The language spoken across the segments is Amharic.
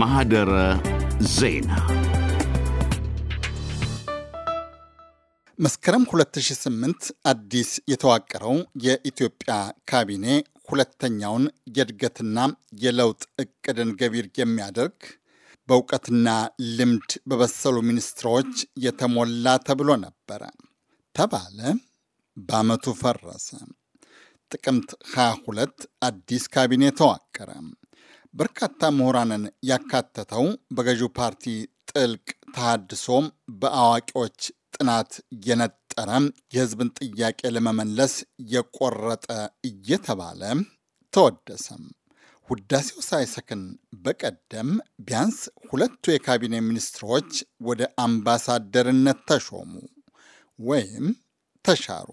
ማህደረ ዜና መስከረም 2008 አዲስ የተዋቀረው የኢትዮጵያ ካቢኔ ሁለተኛውን የእድገትና የለውጥ እቅድን ገቢር የሚያደርግ በእውቀትና ልምድ በበሰሉ ሚኒስትሮች የተሞላ ተብሎ ነበረ። ተባለ፣ በአመቱ ፈረሰ። ጥቅምት 22 አዲስ ካቢኔ ተዋቀረ። በርካታ ምሁራንን ያካተተው በገዢው ፓርቲ ጥልቅ ተሃድሶም በአዋቂዎች ጥናት የነጠረ የህዝብን ጥያቄ ለመመለስ የቆረጠ እየተባለ ተወደሰም። ውዳሴው ሳይሰክን በቀደም ቢያንስ ሁለቱ የካቢኔ ሚኒስትሮች ወደ አምባሳደርነት ተሾሙ ወይም ተሻሩ።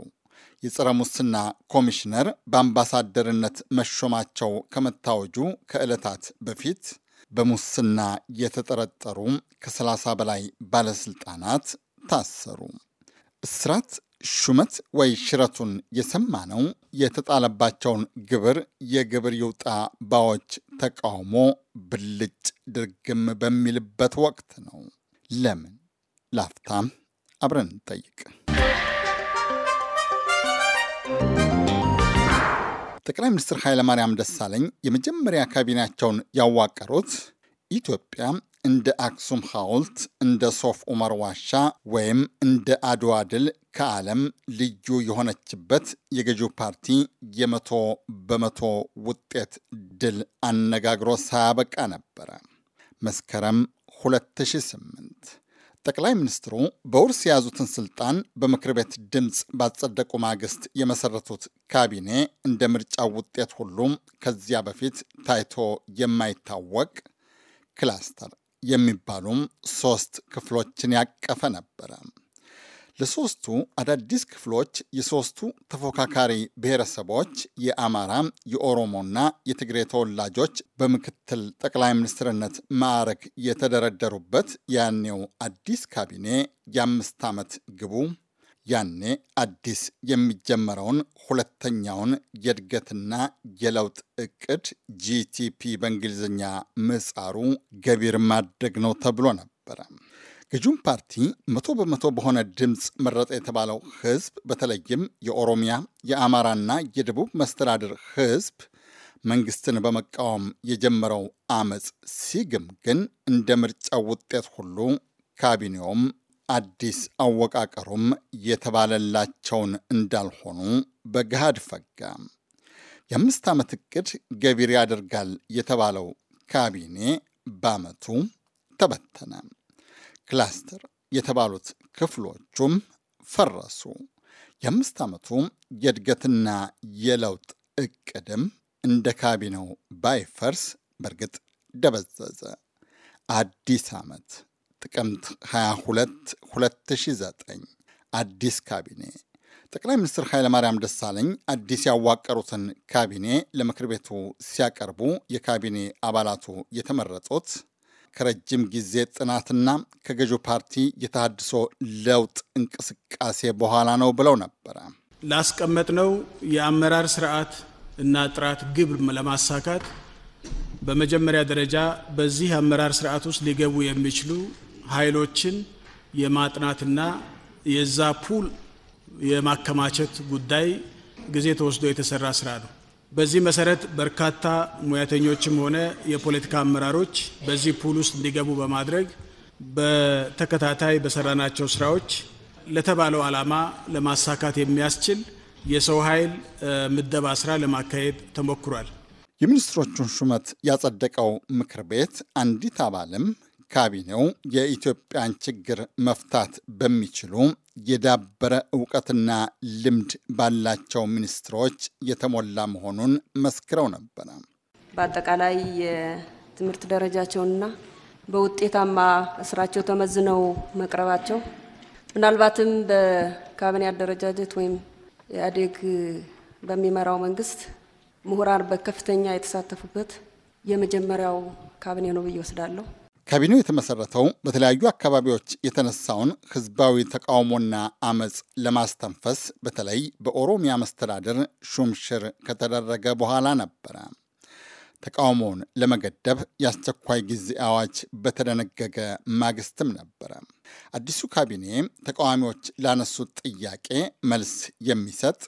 የጸረ ሙስና ኮሚሽነር በአምባሳደርነት መሾማቸው ከመታወጁ ከዕለታት በፊት በሙስና የተጠረጠሩ ከ30 በላይ ባለስልጣናት ታሰሩ። እስራት፣ ሹመት ወይ ሽረቱን ነው የተጣለባቸውን ግብር የግብር ይውጣ ባዎች ተቃውሞ ብልጭ ድርግም በሚልበት ወቅት ነው። ለምን? ላፍታም አብረን እንጠይቅ። ጠቅላይ ሚኒስትር ኃይለማርያም ደሳለኝ የመጀመሪያ ካቢኔያቸውን ያዋቀሩት ኢትዮጵያ እንደ አክሱም ሐውልት እንደ ሶፍ ዑመር ዋሻ ወይም እንደ አድዋ ድል ከዓለም ልዩ የሆነችበት የገዢው ፓርቲ የመቶ በመቶ ውጤት ድል አነጋግሮ ሳያበቃ ነበረ። መስከረም 2008 ጠቅላይ ሚኒስትሩ በውርስ የያዙትን ስልጣን በምክር ቤት ድምፅ ባጸደቁ ማግስት የመሰረቱት ካቢኔ እንደ ምርጫው ውጤት ሁሉም ከዚያ በፊት ታይቶ የማይታወቅ ክላስተር የሚባሉም ሶስት ክፍሎችን ያቀፈ ነበረ። ለሶስቱ አዳዲስ ክፍሎች የሶስቱ ተፎካካሪ ብሔረሰቦች የአማራ፣ የኦሮሞና የትግሬ ተወላጆች በምክትል ጠቅላይ ሚኒስትርነት ማዕረግ የተደረደሩበት ያኔው አዲስ ካቢኔ የአምስት ዓመት ግቡ ያኔ አዲስ የሚጀመረውን ሁለተኛውን የእድገትና የለውጥ እቅድ ጂቲፒ በእንግሊዝኛ ምህጻሩ ገቢር ማድረግ ነው ተብሎ ነበረ። ግጁም ፓርቲ መቶ በመቶ በሆነ ድምፅ መረጠ የተባለው ህዝብ በተለይም የኦሮሚያ የአማራና የደቡብ መስተዳድር ህዝብ መንግስትን በመቃወም የጀመረው አመፅ ሲግም ግን እንደ ምርጫው ውጤት ሁሉ ካቢኔውም አዲስ አወቃቀሩም የተባለላቸውን እንዳልሆኑ በገሃድ ፈጋ። የአምስት ዓመት እቅድ ገቢር ያደርጋል የተባለው ካቢኔ በአመቱ ተበተነ። ክላስተር የተባሉት ክፍሎቹም ፈረሱ። የአምስት ዓመቱ የእድገትና የለውጥ እቅድም እንደ ካቢኔው ባይፈርስ በእርግጥ ደበዘዘ። አዲስ ዓመት ጥቅምት 22 2009 አዲስ ካቢኔ ጠቅላይ ሚኒስትር ኃይለማርያም ደሳለኝ አዲስ ያዋቀሩትን ካቢኔ ለምክር ቤቱ ሲያቀርቡ የካቢኔ አባላቱ የተመረጡት ከረጅም ጊዜ ጥናትና ከገዢው ፓርቲ የተሃድሶ ለውጥ እንቅስቃሴ በኋላ ነው ብለው ነበረ። ላስቀመጥነው የአመራር ስርዓት እና ጥራት ግብ ለማሳካት በመጀመሪያ ደረጃ በዚህ አመራር ስርዓት ውስጥ ሊገቡ የሚችሉ ኃይሎችን የማጥናትና የዛ ፑል የማከማቸት ጉዳይ ጊዜ ተወስዶ የተሰራ ስራ ነው። በዚህ መሰረት በርካታ ሙያተኞችም ሆነ የፖለቲካ አመራሮች በዚህ ፑል ውስጥ እንዲገቡ በማድረግ በተከታታይ በሰራናቸው ስራዎች ለተባለው ዓላማ ለማሳካት የሚያስችል የሰው ኃይል ምደባ ስራ ለማካሄድ ተሞክሯል። የሚኒስትሮቹን ሹመት ያጸደቀው ምክር ቤት አንዲት አባልም ካቢኔው የኢትዮጵያን ችግር መፍታት በሚችሉ የዳበረ እውቀትና ልምድ ባላቸው ሚኒስትሮች የተሞላ መሆኑን መስክረው ነበረ። በአጠቃላይ የትምህርት ደረጃቸውንና በውጤታማ ስራቸው ተመዝነው መቅረባቸው ምናልባትም በካቢኔ አደረጃጀት ወይም ኢህአዴግ በሚመራው መንግስት ምሁራን በከፍተኛ የተሳተፉበት የመጀመሪያው ካቢኔ ነው ብዬ ወስዳለሁ። ካቢኔው የተመሰረተው በተለያዩ አካባቢዎች የተነሳውን ህዝባዊ ተቃውሞና አመፅ ለማስተንፈስ በተለይ በኦሮሚያ መስተዳድር ሹምሽር ከተደረገ በኋላ ነበረ። ተቃውሞውን ለመገደብ የአስቸኳይ ጊዜ አዋጅ በተደነገገ ማግስትም ነበረ አዲሱ ካቢኔ ተቃዋሚዎች ላነሱት ጥያቄ መልስ የሚሰጥ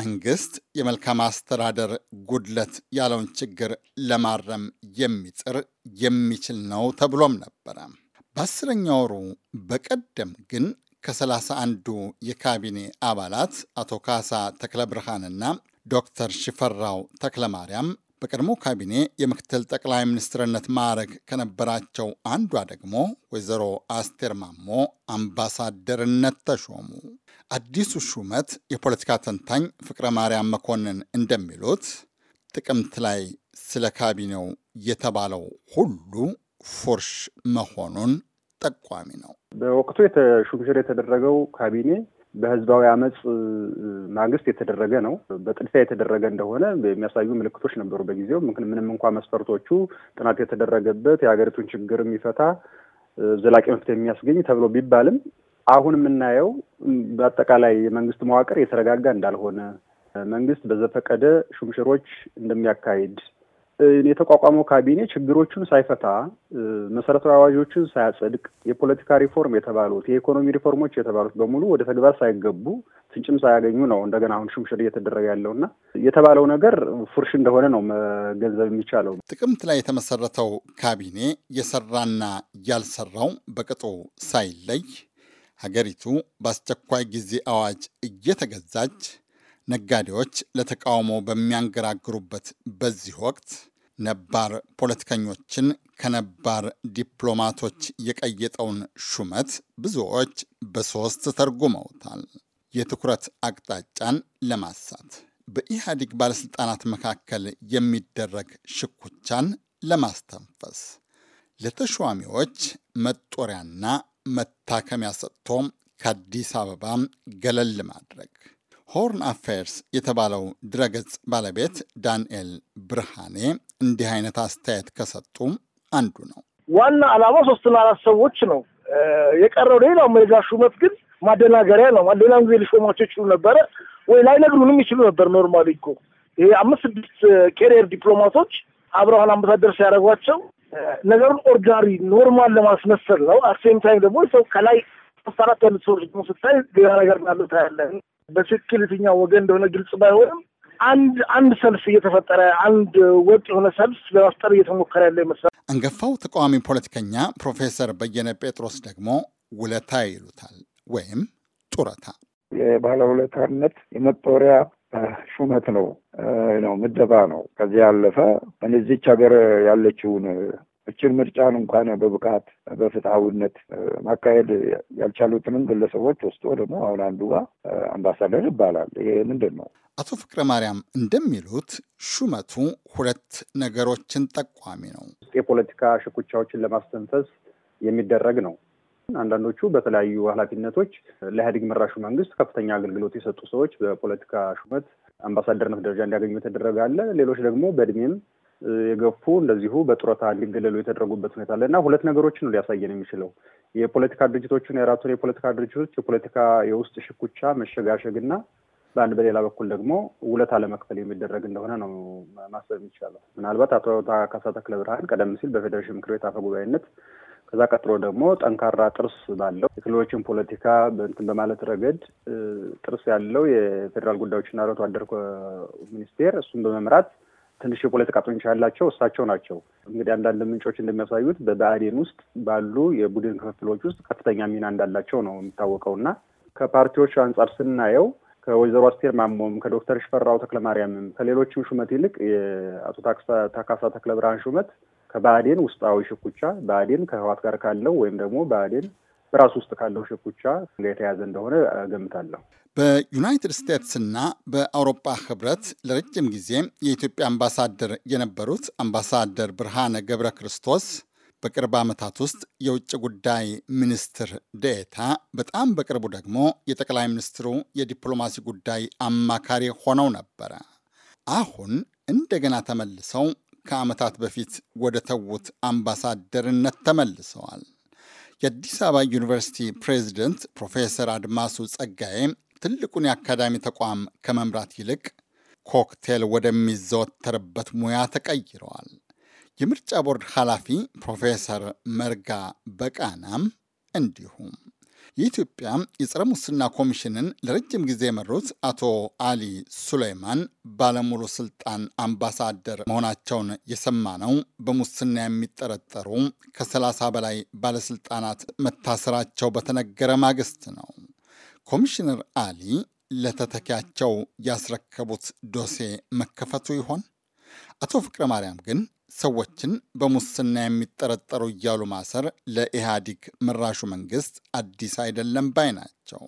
መንግስት የመልካም አስተዳደር ጉድለት ያለውን ችግር ለማረም የሚጥር የሚችል ነው ተብሎም ነበረ። በአስረኛ ወሩ በቀደም ግን ከሰላሳ አንዱ የካቢኔ አባላት አቶ ካሳ ተክለ ብርሃንና ዶክተር ሽፈራው ተክለ ማርያም በቀድሞ ካቢኔ የምክትል ጠቅላይ ሚኒስትርነት ማዕረግ ከነበራቸው አንዷ ደግሞ ወይዘሮ አስቴር ማሞ አምባሳደርነት ተሾሙ። አዲሱ ሹመት የፖለቲካ ተንታኝ ፍቅረ ማርያም መኮንን እንደሚሉት ጥቅምት ላይ ስለ ካቢኔው የተባለው ሁሉ ፉርሽ መሆኑን ጠቋሚ ነው። በወቅቱ ሹምሽር የተደረገው ካቢኔ በህዝባዊ አመፅ ማግስት የተደረገ ነው። በጥድፊያ የተደረገ እንደሆነ የሚያሳዩ ምልክቶች ነበሩ በጊዜው። ምንም እንኳ መስፈርቶቹ ጥናት የተደረገበት የሀገሪቱን ችግር የሚፈታ ዘላቂ መፍትሄ የሚያስገኝ ተብሎ ቢባልም አሁን የምናየው በአጠቃላይ የመንግስት መዋቅር የተረጋጋ እንዳልሆነ መንግስት በዘፈቀደ ሹምሽሮች እንደሚያካሂድ የተቋቋመው ካቢኔ ችግሮቹን ሳይፈታ መሰረታዊ አዋጆችን ሳያጸድቅ የፖለቲካ ሪፎርም የተባሉት የኢኮኖሚ ሪፎርሞች የተባሉት በሙሉ ወደ ተግባር ሳይገቡ ፍንጭም ሳያገኙ ነው እንደገና አሁን ሹምሽር እየተደረገ ያለው እና የተባለው ነገር ፉርሽ እንደሆነ ነው መገንዘብ የሚቻለው። ጥቅምት ላይ የተመሰረተው ካቢኔ የሰራና ያልሰራው በቅጡ ሳይለይ ሀገሪቱ በአስቸኳይ ጊዜ አዋጅ እየተገዛች ነጋዴዎች ለተቃውሞ በሚያንገራግሩበት በዚህ ወቅት ነባር ፖለቲከኞችን ከነባር ዲፕሎማቶች የቀየጠውን ሹመት ብዙዎች በሦስት ተርጉመውታል። የትኩረት አቅጣጫን ለማሳት፣ በኢህአዴግ ባለሥልጣናት መካከል የሚደረግ ሽኩቻን ለማስተንፈስ፣ ለተሿሚዎች መጦሪያና መታከሚያ ሰጥቶ ከአዲስ አበባ ገለል ማድረግ። ሆርን አፌርስ የተባለው ድረገጽ ባለቤት ዳንኤል ብርሃኔ እንዲህ አይነት አስተያየት ከሰጡም አንዱ ነው። ዋና አላማ ሶስትና አራት ሰዎች ነው። የቀረው ሌላው መዛ ሹመት ግን ማደናገሪያ ነው። ሌላም ጊዜ ሊሾማቸው ይችሉ ነበረ ወይ ላይነግሩንም ይችሉ ነበር። ኖርማሊ እኮ ይሄ አምስት ስድስት ኬሪየር ዲፕሎማቶች አብረሃን አምባሳደር ሲያደርጓቸው ነገሩን ኦርዲናሪ ኖርማል ለማስመሰል ነው። አሴም ታይም ደግሞ ሰው ከላይ ሶስት አራት ያሉት ሰዎች ደግሞ ስታይ ሌላ ነገር እንዳለ ታያለን። በትክክል የትኛው ወገን እንደሆነ ግልጽ ባይሆንም አንድ አንድ ሰልፍ እየተፈጠረ አንድ ወጥ የሆነ ሰልፍ ለመፍጠር እየተሞከረ ያለ ይመስላል። አንጋፋው ተቃዋሚ ፖለቲከኛ ፕሮፌሰር በየነ ጴጥሮስ ደግሞ ውለታ ይሉታል ወይም ጡረታ። የባለ ውለታነት የመጦሪያ ሹመት ነው ነው ምደባ ነው። ከዚህ ያለፈ በዚች ሀገር ያለችውን ይችን ምርጫን እንኳን በብቃት በፍትሐዊነት ማካሄድ ያልቻሉትንም ግለሰቦች ወስዶ ደግሞ አሁን አንዱ ጋር አምባሳደር ይባላል። ይሄ ምንድን ነው? አቶ ፍቅረ ማርያም እንደሚሉት ሹመቱ ሁለት ነገሮችን ጠቋሚ ነው። የፖለቲካ ሽኩቻዎችን ለማስተንፈስ የሚደረግ ነው። አንዳንዶቹ በተለያዩ ኃላፊነቶች ለኢህአዴግ መራሹ መንግስት ከፍተኛ አገልግሎት የሰጡ ሰዎች በፖለቲካ ሹመት አምባሳደርነት ደረጃ እንዲያገኙ የተደረገ አለ። ሌሎች ደግሞ በእድሜም የገፉ እንደዚሁ በጡረታ እንዲገለሉ የተደረጉበት ሁኔታ አለ እና ሁለት ነገሮችን ነው ሊያሳየን የሚችለው የፖለቲካ ድርጅቶችን የራቱን የፖለቲካ ድርጅቶች የፖለቲካ የውስጥ ሽኩቻ መሸጋሸግና በአንድ በሌላ በኩል ደግሞ ውለት አለመክፈል የሚደረግ እንደሆነ ነው ማሰብ የሚቻለው። ምናልባት አቶ ካሳ ተክለ ብርሃን ቀደም ሲል በፌዴሬሽን ምክር ቤት አፈ ጉባኤነት ከዛ ቀጥሎ ደግሞ ጠንካራ ጥርስ ባለው የክልሎችን ፖለቲካ በእንትን በማለት ረገድ ጥርስ ያለው የፌዴራል ጉዳዮችና አርብቶ አደር ሚኒስቴር እሱን በመምራት ትንሽ የፖለቲካ ጡንቻ ያላቸው እሳቸው ናቸው። እንግዲህ አንዳንድ ምንጮች እንደሚያሳዩት በብአዴን ውስጥ ባሉ የቡድን ክፍፍሎች ውስጥ ከፍተኛ ሚና እንዳላቸው ነው የሚታወቀው እና ከፓርቲዎች አንጻር ስናየው ከወይዘሮ አስቴር ማሞም ከዶክተር ሽፈራው ተክለማርያምም ከሌሎችም ሹመት ይልቅ የአቶ ታካሳ ተክለ ብርሃን ሹመት ከባዕዴን ውስጣዊ ሽኩቻ ባዕዴን ከህዋት ጋር ካለው ወይም ደግሞ ባዕዴን በራሱ ውስጥ ካለው ሽኩቻ የተያዘ እንደሆነ ገምታለሁ። በዩናይትድ ስቴትስና በአውሮፓ ህብረት ለረጅም ጊዜ የኢትዮጵያ አምባሳደር የነበሩት አምባሳደር ብርሃነ ገብረ ክርስቶስ በቅርብ ዓመታት ውስጥ የውጭ ጉዳይ ሚኒስትር ዴኤታ፣ በጣም በቅርቡ ደግሞ የጠቅላይ ሚኒስትሩ የዲፕሎማሲ ጉዳይ አማካሪ ሆነው ነበረ። አሁን እንደገና ተመልሰው ከዓመታት በፊት ወደ ተዉት አምባሳደርነት ተመልሰዋል። የአዲስ አበባ ዩኒቨርሲቲ ፕሬዚደንት ፕሮፌሰር አድማሱ ጸጋዬ ትልቁን የአካዳሚ ተቋም ከመምራት ይልቅ ኮክቴል ወደሚዘወተርበት ሙያ ተቀይረዋል። የምርጫ ቦርድ ኃላፊ ፕሮፌሰር መርጋ በቃናም እንዲሁም የኢትዮጵያ የጸረ ሙስና ኮሚሽንን ለረጅም ጊዜ የመሩት አቶ አሊ ሱሌይማን ባለሙሉ ስልጣን አምባሳደር መሆናቸውን ነው። በሙስና የሚጠረጠሩ ከ30 በላይ ባለስልጣናት መታሰራቸው በተነገረ ማግስት ነው። ኮሚሽነር አሊ ለተተኪያቸው ያስረከቡት ዶሴ መከፈቱ ይሆን? አቶ ፍቅረ ማርያም ግን ሰዎችን በሙስና የሚጠረጠሩ እያሉ ማሰር ለኢህአዲግ መራሹ መንግስት አዲስ አይደለም ባይ ናቸው።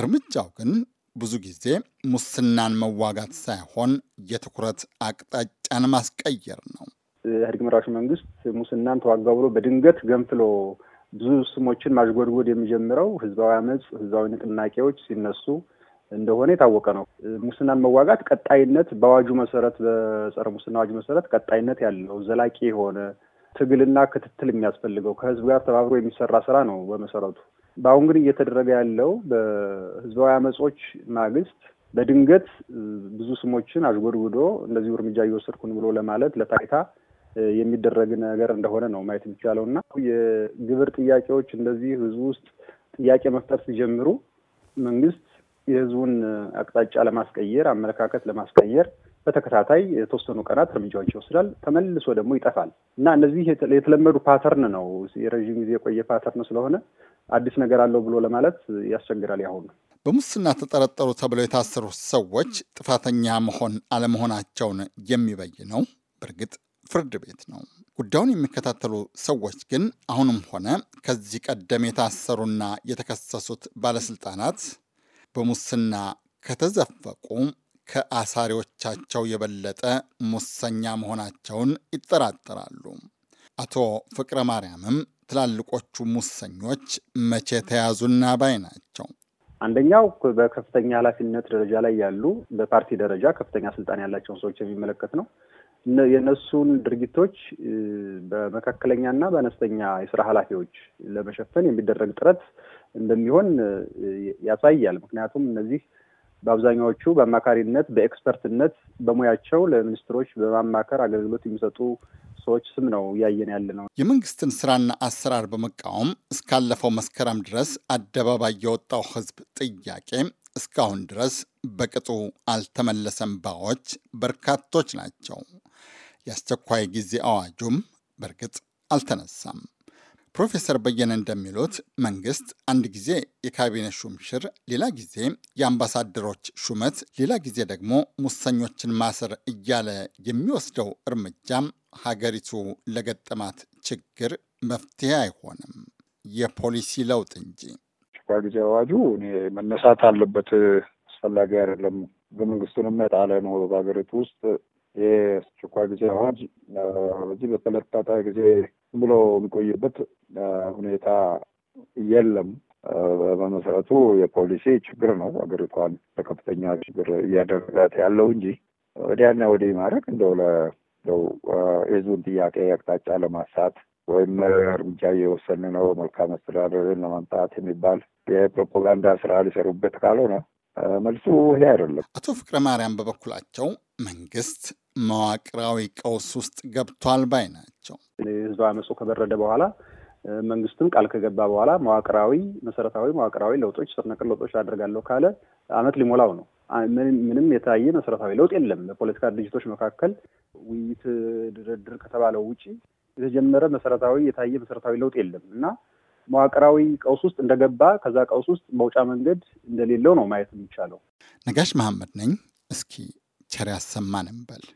እርምጃው ግን ብዙ ጊዜ ሙስናን መዋጋት ሳይሆን የትኩረት አቅጣጫን ማስቀየር ነው። ኢህአዲግ መራሹ መንግስት ሙስናን ተዋጋ ብሎ በድንገት ገንፍሎ ብዙ ስሞችን ማሽጎድጎድ የሚጀምረው ህዝባዊ አመፅ፣ ህዝባዊ ንቅናቄዎች ሲነሱ እንደሆነ የታወቀ ነው። ሙስናን መዋጋት ቀጣይነት በአዋጁ መሰረት በጸረ ሙስና አዋጁ መሰረት ቀጣይነት ያለው ዘላቂ የሆነ ትግልና ክትትል የሚያስፈልገው ከህዝብ ጋር ተባብሮ የሚሰራ ስራ ነው በመሰረቱ። በአሁን ግን እየተደረገ ያለው በህዝባዊ አመጾች ማግስት በድንገት ብዙ ስሞችን አዥጎድጉዶ እንደዚሁ እርምጃ እየወሰድኩን ብሎ ለማለት ለታይታ የሚደረግ ነገር እንደሆነ ነው ማየት የሚቻለው እና የግብር ጥያቄዎች እንደዚህ ህዝብ ውስጥ ጥያቄ መፍጠር ሲጀምሩ መንግስት የህዝቡን አቅጣጫ ለማስቀየር አመለካከት ለማስቀየር በተከታታይ የተወሰኑ ቀናት እርምጃዎች ይወስዳል፣ ተመልሶ ደግሞ ይጠፋል እና እነዚህ የተለመዱ ፓተርን ነው። የረዥም ጊዜ የቆየ ፓተርን ስለሆነ አዲስ ነገር አለው ብሎ ለማለት ያስቸግራል። ያሁኑ በሙስና ተጠረጠሩ ተብለው የታሰሩ ሰዎች ጥፋተኛ መሆን አለመሆናቸውን የሚበይነው በእርግጥ ፍርድ ቤት ነው። ጉዳዩን የሚከታተሉ ሰዎች ግን አሁንም ሆነ ከዚህ ቀደም የታሰሩና የተከሰሱት ባለስልጣናት በሙስና ከተዘፈቁ ከአሳሪዎቻቸው የበለጠ ሙሰኛ መሆናቸውን ይጠራጠራሉ። አቶ ፍቅረ ማርያምም ትላልቆቹ ሙሰኞች መቼ ተያዙና ባይ ናቸው። አንደኛው በከፍተኛ ኃላፊነት ደረጃ ላይ ያሉ በፓርቲ ደረጃ ከፍተኛ ስልጣን ያላቸውን ሰዎች የሚመለከት ነው። የእነሱን ድርጊቶች በመካከለኛና በአነስተኛ የስራ ኃላፊዎች ለመሸፈን የሚደረግ ጥረት እንደሚሆን ያሳያል። ምክንያቱም እነዚህ በአብዛኛዎቹ በአማካሪነት በኤክስፐርትነት በሙያቸው ለሚኒስትሮች በማማከር አገልግሎት የሚሰጡ ሰዎች ስም ነው እያየን ያለ ነው። የመንግስትን ስራና አሰራር በመቃወም እስካለፈው መስከረም ድረስ አደባባይ የወጣው ህዝብ ጥያቄ እስካሁን ድረስ በቅጡ አልተመለሰም ባዎች በርካቶች ናቸው። የአስቸኳይ ጊዜ አዋጁም በእርግጥ አልተነሳም። ፕሮፌሰር በየነ እንደሚሉት መንግስት አንድ ጊዜ የካቢኔ ሹምሽር፣ ሌላ ጊዜ የአምባሳደሮች ሹመት፣ ሌላ ጊዜ ደግሞ ሙሰኞችን ማሰር እያለ የሚወስደው እርምጃም ሀገሪቱ ለገጠማት ችግር መፍትሄ አይሆንም፣ የፖሊሲ ለውጥ እንጂ። ጊዜ አዋጁ እኔ መነሳት አለበት አስፈላጊ አይደለም። በመንግስቱንም የጣለ ነው። በሀገሪቱ ውስጥ የአስቸኳይ ጊዜ አዋጅ በዚህ በተለጣጣ ጊዜ ብሎ የሚቆይበት ሁኔታ የለም። በመሰረቱ የፖሊሲ ችግር ነው አገሪቷን ለከፍተኛ ችግር እያደረጋት ያለው እንጂ ወዲያና ወዲህ ማድረግ እንደው ለው የህዝቡን ጥያቄ አቅጣጫ ለማሳት ወይም እርምጃ እየወሰን ነው መልካም አስተዳደርን ለማምጣት የሚባል የፕሮፓጋንዳ ስራ ሊሰሩበት ካልሆነ መልሱ ይሄ አይደለም። አቶ ፍቅረ ማርያም በበኩላቸው መንግስት መዋቅራዊ ቀውስ ውስጥ ገብቷል ባይ ናቸው። የህዝብ አመፁ ከበረደ በኋላ መንግስትም ቃል ከገባ በኋላ መዋቅራዊ መሰረታዊ መዋቅራዊ ለውጦች ስር ለውጦች ላደርጋለሁ ካለ አመት ሊሞላው ነው። ምንም የታየ መሰረታዊ ለውጥ የለም። በፖለቲካ ድርጅቶች መካከል ውይይት፣ ድርድር ከተባለው ውጪ የተጀመረ መሰረታዊ የታየ መሰረታዊ ለውጥ የለም እና መዋቅራዊ ቀውስ ውስጥ እንደገባ ከዛ ቀውስ ውስጥ መውጫ መንገድ እንደሌለው ነው ማየት የሚቻለው። ነጋሽ መሐመድ ነኝ። እስኪ ቸር ያሰማን እንበል።